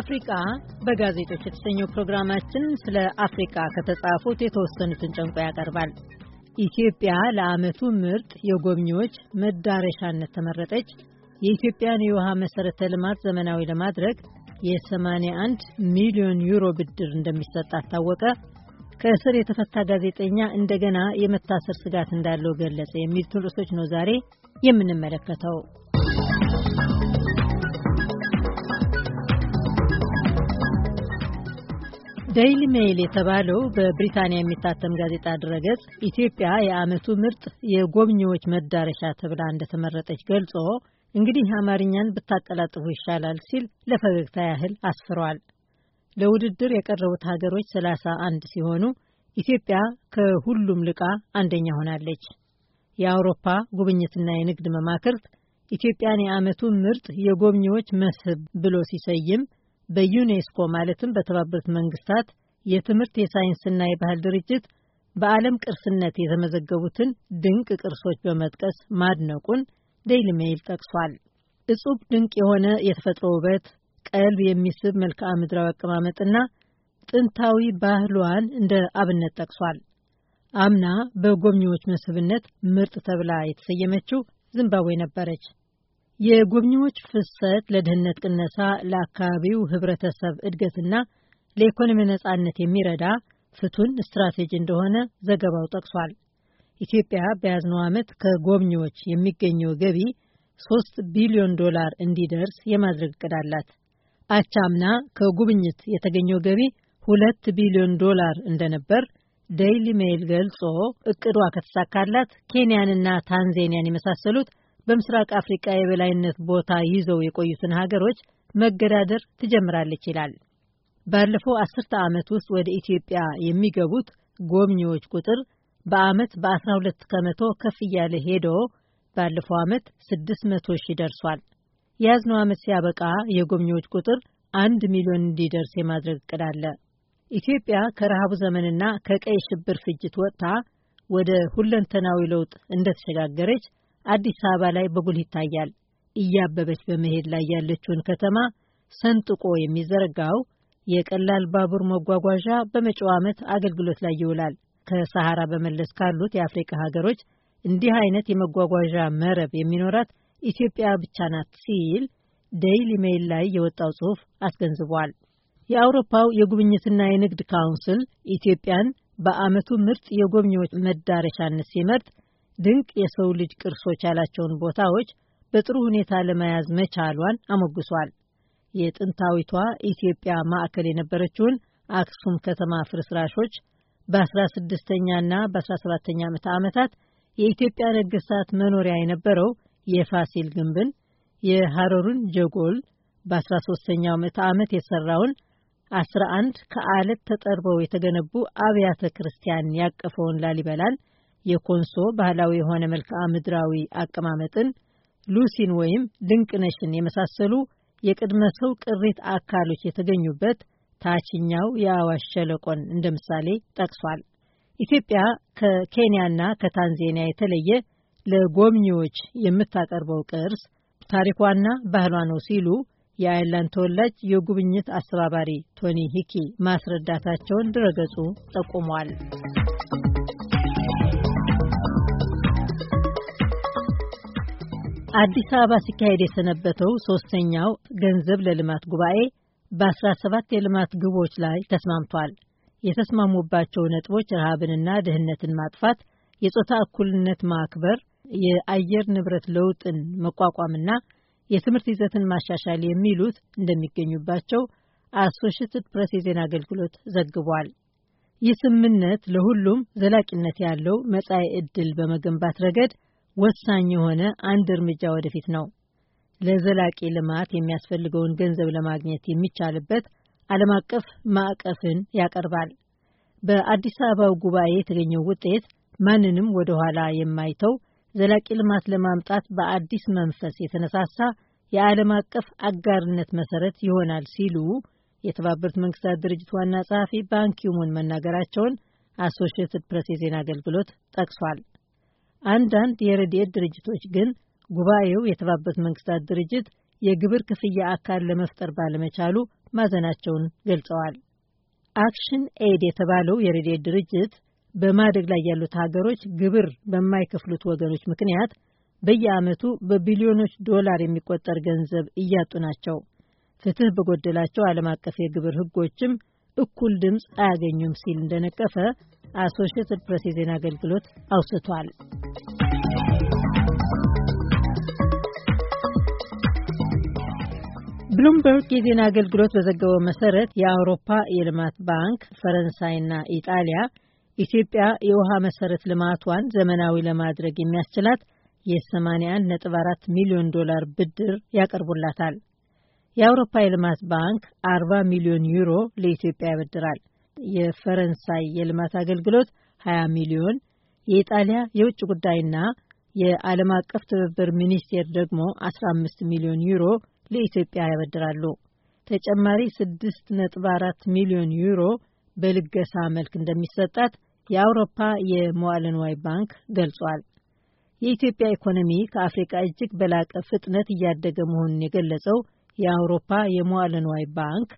አፍሪቃ በጋዜጦች የተሰኘው ፕሮግራማችን ስለ አፍሪቃ ከተጻፉት የተወሰኑትን ጨምቆ ያቀርባል። ኢትዮጵያ ለዓመቱ ምርጥ የጎብኚዎች መዳረሻነት ተመረጠች፣ የኢትዮጵያን የውሃ መሠረተ ልማት ዘመናዊ ለማድረግ የ81 ሚሊዮን ዩሮ ብድር እንደሚሰጥ አስታወቀ፣ ከእስር የተፈታ ጋዜጠኛ እንደገና የመታሰር ስጋት እንዳለው ገለጸ የሚሉትን ርዕሶች ነው ዛሬ የምንመለከተው። ዴይሊ ሜይል የተባለው በብሪታንያ የሚታተም ጋዜጣ ድረገጽ ኢትዮጵያ የዓመቱ ምርጥ የጎብኚዎች መዳረሻ ተብላ እንደተመረጠች ገልጾ እንግዲህ አማርኛን ብታቀላጥፉ ይሻላል ሲል ለፈገግታ ያህል አስፍሯል። ለውድድር የቀረቡት ሀገሮች ሰላሳ አንድ ሲሆኑ ኢትዮጵያ ከሁሉም ልቃ አንደኛ ሆናለች። የአውሮፓ ጉብኝትና የንግድ መማክርት ኢትዮጵያን የዓመቱ ምርጥ የጎብኚዎች መስህብ ብሎ ሲሰይም በዩኔስኮ ማለትም በተባበሩት መንግስታት የትምህርት የሳይንስና የባህል ድርጅት በዓለም ቅርስነት የተመዘገቡትን ድንቅ ቅርሶች በመጥቀስ ማድነቁን ዴይሊ ሜይል ጠቅሷል። እጹብ ድንቅ የሆነ የተፈጥሮ ውበት፣ ቀልብ የሚስብ መልክዓ ምድራዊ አቀማመጥና ጥንታዊ ባህሏን እንደ አብነት ጠቅሷል። አምና በጎብኚዎች መስህብነት ምርጥ ተብላ የተሰየመችው ዚምባብዌ ነበረች። የጎብኚዎች ፍሰት ለድህነት ቅነሳ፣ ለአካባቢው ህብረተሰብ እድገትና ለኢኮኖሚ ነጻነት የሚረዳ ፍቱን ስትራቴጂ እንደሆነ ዘገባው ጠቅሷል። ኢትዮጵያ በያዝነው ዓመት ከጎብኚዎች የሚገኘው ገቢ ሶስት ቢሊዮን ዶላር እንዲደርስ የማድረግ እቅድ አላት። አቻምና ከጉብኝት የተገኘው ገቢ ሁለት ቢሊዮን ዶላር እንደነበር ዴይሊ ሜይል ገልጾ እቅዷ ከተሳካላት ኬንያንና ታንዜኒያን የመሳሰሉት በምስራቅ አፍሪቃ የበላይነት ቦታ ይዘው የቆዩትን ሀገሮች መገዳደር ትጀምራለች ይላል። ባለፈው አስርተ ዓመት ውስጥ ወደ ኢትዮጵያ የሚገቡት ጎብኚዎች ቁጥር በዓመት በ12 ከመቶ ከፍ እያለ ሄዶ ባለፈው ዓመት 600 ሺህ ደርሷል። የያዝነው ዓመት ሲያበቃ የጎብኚዎች ቁጥር አንድ ሚሊዮን እንዲደርስ የማድረግ እቅድ አለ። ኢትዮጵያ ከረሃቡ ዘመንና ከቀይ ሽብር ፍጅት ወጥታ ወደ ሁለንተናዊ ለውጥ እንደተሸጋገረች አዲስ አበባ ላይ በጉል ይታያል። እያበበች በመሄድ ላይ ያለችውን ከተማ ሰንጥቆ የሚዘረጋው የቀላል ባቡር መጓጓዣ በመጪው ዓመት አገልግሎት ላይ ይውላል። ከሰሃራ በመለስ ካሉት የአፍሪካ ሀገሮች እንዲህ አይነት የመጓጓዣ መረብ የሚኖራት ኢትዮጵያ ብቻ ናት ሲል ዴይሊ ሜይል ላይ የወጣው ጽሑፍ አስገንዝቧል። የአውሮፓው የጉብኝትና የንግድ ካውንስል ኢትዮጵያን በዓመቱ ምርጥ የጎብኚዎች መዳረሻነት ሲመርጥ ድንቅ የሰው ልጅ ቅርሶች ያላቸውን ቦታዎች በጥሩ ሁኔታ ለመያዝ መቻሏን አሞግሷል። የጥንታዊቷ ኢትዮጵያ ማዕከል የነበረችውን አክሱም ከተማ ፍርስራሾች በ16ኛና በ17ኛ ምዕተ ዓመታት የኢትዮጵያ ነገስታት መኖሪያ የነበረው የፋሲል ግንብን፣ የሐረሩን ጀጎል፣ በ13ኛው ምዕተ ዓመት የተሰራውን 11 ከአለት ተጠርበው የተገነቡ አብያተ ክርስቲያን ያቀፈውን ላሊበላን የኮንሶ ባህላዊ የሆነ መልክዓ ምድራዊ አቀማመጥን፣ ሉሲን ወይም ድንቅነሽን የመሳሰሉ የቅድመ ሰው ቅሪት አካሎች የተገኙበት ታችኛው የአዋሽ ሸለቆን እንደ ምሳሌ ጠቅሷል። ኢትዮጵያ ከኬንያና ከታንዜኒያ የተለየ ለጎብኚዎች የምታቀርበው ቅርስ ታሪኳና ባህሏ ነው ሲሉ የአይርላንድ ተወላጅ የጉብኝት አስተባባሪ ቶኒ ሂኪ ማስረዳታቸውን ድረገጹ ጠቁሟል። አዲስ አበባ ሲካሄድ የሰነበተው ሶስተኛው ገንዘብ ለልማት ጉባኤ በ17 የልማት ግቦች ላይ ተስማምቷል። የተስማሙባቸው ነጥቦች ረሃብንና ድህነትን ማጥፋት፣ የጾታ እኩልነት ማክበር፣ የአየር ንብረት ለውጥን መቋቋምና የትምህርት ይዘትን ማሻሻል የሚሉት እንደሚገኙባቸው አሶሽትድ ፕሬስ የዜና አገልግሎት ዘግቧል። ይህ ስምምነት ለሁሉም ዘላቂነት ያለው መጻኢ ዕድል በመገንባት ረገድ ወሳኝ የሆነ አንድ እርምጃ ወደፊት ነው። ለዘላቂ ልማት የሚያስፈልገውን ገንዘብ ለማግኘት የሚቻልበት ዓለም አቀፍ ማዕቀፍን ያቀርባል። በአዲስ አበባው ጉባኤ የተገኘው ውጤት ማንንም ወደ ኋላ የማይተው ዘላቂ ልማት ለማምጣት በአዲስ መንፈስ የተነሳሳ የዓለም አቀፍ አጋርነት መሰረት ይሆናል ሲሉ የተባበሩት መንግስታት ድርጅት ዋና ጸሐፊ ባንኪሙን መናገራቸውን አሶሽየትድ ፕሬስ የዜና አገልግሎት ጠቅሷል። አንዳንድ የረድኤት ድርጅቶች ግን ጉባኤው የተባበሩት መንግስታት ድርጅት የግብር ክፍያ አካል ለመፍጠር ባለመቻሉ ማዘናቸውን ገልጸዋል። አክሽን ኤድ የተባለው የረድኤት ድርጅት በማደግ ላይ ያሉት ሀገሮች ግብር በማይከፍሉት ወገኖች ምክንያት በየዓመቱ በቢሊዮኖች ዶላር የሚቆጠር ገንዘብ እያጡ ናቸው፣ ፍትህ በጎደላቸው ዓለም አቀፍ የግብር ህጎችም እኩል ድምፅ አያገኙም ሲል እንደነቀፈ አሶሽየትድ ፕሬስ የዜና አገልግሎት አውስቷል። ብሉምበርግ የዜና አገልግሎት በዘገበው መሰረት የአውሮፓ የልማት ባንክ፣ ፈረንሳይና ኢጣሊያ ኢትዮጵያ የውሃ መሰረት ልማቷን ዘመናዊ ለማድረግ የሚያስችላት የ81.4 ሚሊዮን ዶላር ብድር ያቀርቡላታል። የአውሮፓ የልማት ባንክ 40 ሚሊዮን ዩሮ ለኢትዮጵያ ያበድራል። የፈረንሳይ የልማት አገልግሎት 20 ሚሊዮን፣ የኢጣሊያ የውጭ ጉዳይና የዓለም አቀፍ ትብብር ሚኒስቴር ደግሞ 15 ሚሊዮን ዩሮ ለኢትዮጵያ ያበድራሉ። ተጨማሪ 6.4 ሚሊዮን ዩሮ በልገሳ መልክ እንደሚሰጣት የአውሮፓ የመዋዕለ ንዋይ ባንክ ገልጿል። የኢትዮጵያ ኢኮኖሚ ከአፍሪካ እጅግ በላቀ ፍጥነት እያደገ መሆኑን የገለጸው የአውሮፓ የመዋዕለ ንዋይ ባንክ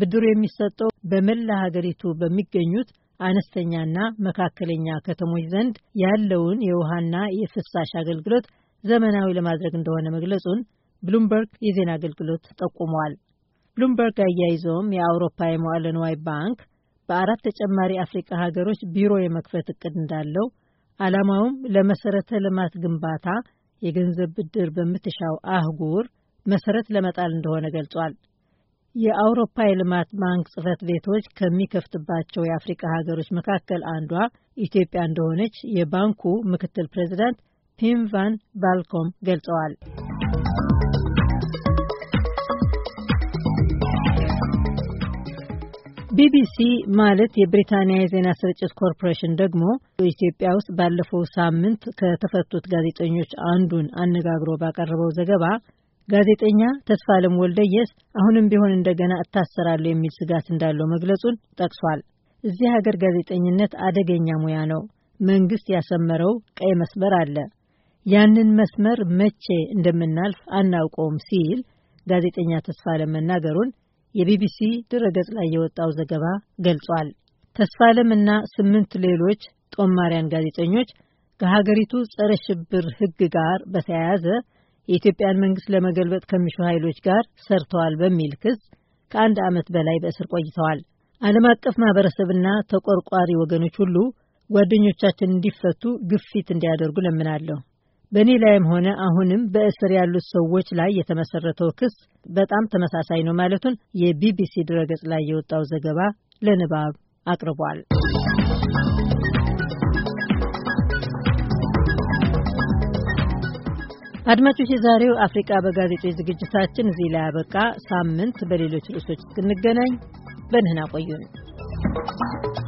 ብድሩ የሚሰጠው በመላ ሀገሪቱ በሚገኙት አነስተኛና መካከለኛ ከተሞች ዘንድ ያለውን የውሃና የፍሳሽ አገልግሎት ዘመናዊ ለማድረግ እንደሆነ መግለጹን ብሉምበርግ የዜና አገልግሎት ጠቁሟል። ብሉምበርግ አያይዘውም የአውሮፓ የመዋለ ንዋይ ባንክ በአራት ተጨማሪ አፍሪቃ ሀገሮች ቢሮ የመክፈት እቅድ እንዳለው ዓላማውም ለመሰረተ ልማት ግንባታ የገንዘብ ብድር በምትሻው አህጉር መሰረት ለመጣል እንደሆነ ገልጿል። የአውሮፓ የልማት ባንክ ጽህፈት ቤቶች ከሚከፍትባቸው የአፍሪቃ ሀገሮች መካከል አንዷ ኢትዮጵያ እንደሆነች የባንኩ ምክትል ፕሬዚዳንት ፒም ቫን ባልኮም ገልጸዋል። ቢቢሲ ማለት የብሪታንያ የዜና ስርጭት ኮርፖሬሽን ደግሞ ኢትዮጵያ ውስጥ ባለፈው ሳምንት ከተፈቱት ጋዜጠኞች አንዱን አነጋግሮ ባቀረበው ዘገባ ጋዜጠኛ ተስፋለም ወልደየስ አሁንም ቢሆን እንደገና እታሰራለሁ የሚል ስጋት እንዳለው መግለጹን ጠቅሷል። እዚህ ሀገር ጋዜጠኝነት አደገኛ ሙያ ነው። መንግስት ያሰመረው ቀይ መስመር አለ። ያንን መስመር መቼ እንደምናልፍ አናውቀውም ሲል ጋዜጠኛ ተስፋለም መናገሩን የቢቢሲ ድረገጽ ላይ የወጣው ዘገባ ገልጿል። እና ስምንት ሌሎች ጦማሪያን ጋዜጠኞች ከሀገሪቱ ጸረ ሽብር ሕግ ጋር በተያያዘ የኢትዮጵያን መንግስት ለመገልበጥ ከሚሹ ኃይሎች ጋር ሰርተዋል በሚል ክስ ከአንድ ዓመት በላይ በእስር ቆይተዋል። ዓለም አቀፍ ማህበረሰብና ተቆርቋሪ ወገኖች ሁሉ ጓደኞቻችን እንዲፈቱ ግፊት እንዲያደርጉ ለምናለሁ በእኔ ላይም ሆነ አሁንም በእስር ያሉት ሰዎች ላይ የተመሰረተው ክስ በጣም ተመሳሳይ ነው ማለቱን የቢቢሲ ድረገጽ ላይ የወጣው ዘገባ ለንባብ አቅርቧል። አድማጮች፣ የዛሬው አፍሪቃ በጋዜጦች ዝግጅታችን እዚህ ላይ ያበቃ። ሳምንት በሌሎች ርዕሶች እስክንገናኝ በደህና ቆዩን።